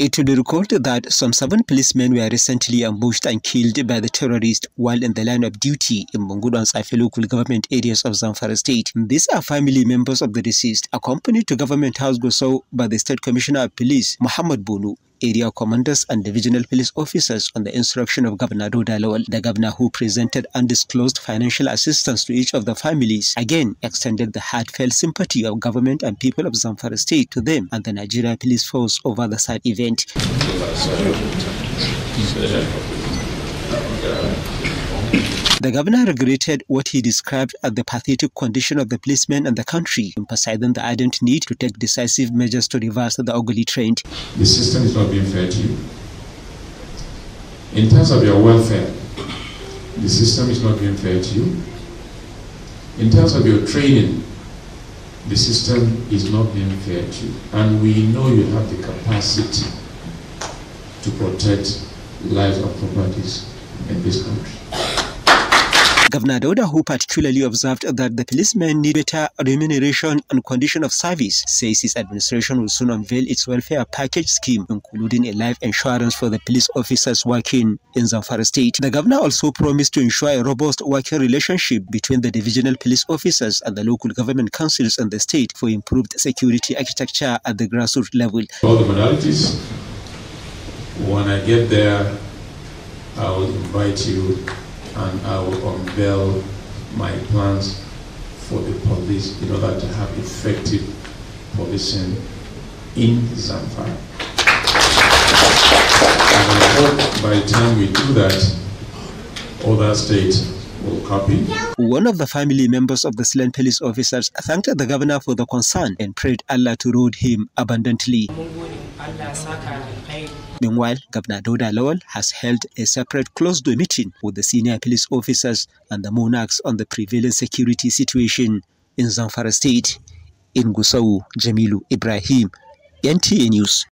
It will be recalled that some seven policemen were recently ambushed and killed by the terrorists while in the line of duty in Bungudu and local government areas of Zamfara state. These are family members of the deceased, accompanied to government house Gosau by the state commissioner of police, Muhammad Bonu area commanders and divisional police officers on the instruction of Governor Doda Lawal, the governor who presented undisclosed financial assistance to each of the families, again extended the heartfelt sympathy of government and people of Zamfara state to them and the Nigeria police force over the sad event. The governor regretted what he described as the pathetic condition of the policemen and the country, emphasizing the urgent need to take decisive measures to reverse the ugly trend. The system is not being fair to you. In terms of your welfare, the system is not being fair to you. In terms of your training, the system is not being fair to you. And we know you have the capacity to protect lives and properties in this country. Governor Dauda, who particularly observed that the policemen need better remuneration and condition of service, says his administration will soon unveil its welfare package scheme, including a life insurance for the police officers working in Zamfara State. The governor also promised to ensure a robust working relationship between the divisional police officers and the local government councils in the state for improved security architecture at the grassroots level. All the modalities, when I get there, I will invite you and I will unveil my plans for the police in order to have effective policing in Zamfara. And I hope by the time we do that, other states will copy. One of the family members of the slain police officers thanked the governor for the concern and prayed Allah to reward him abundantly. Meanwhile, Governor Doda Lawal has held a separate closed door meeting with the senior police officers and the monarchs on the prevailing security situation in Zamfara State. In Gusau, Jamilu Ibrahim, NTA News.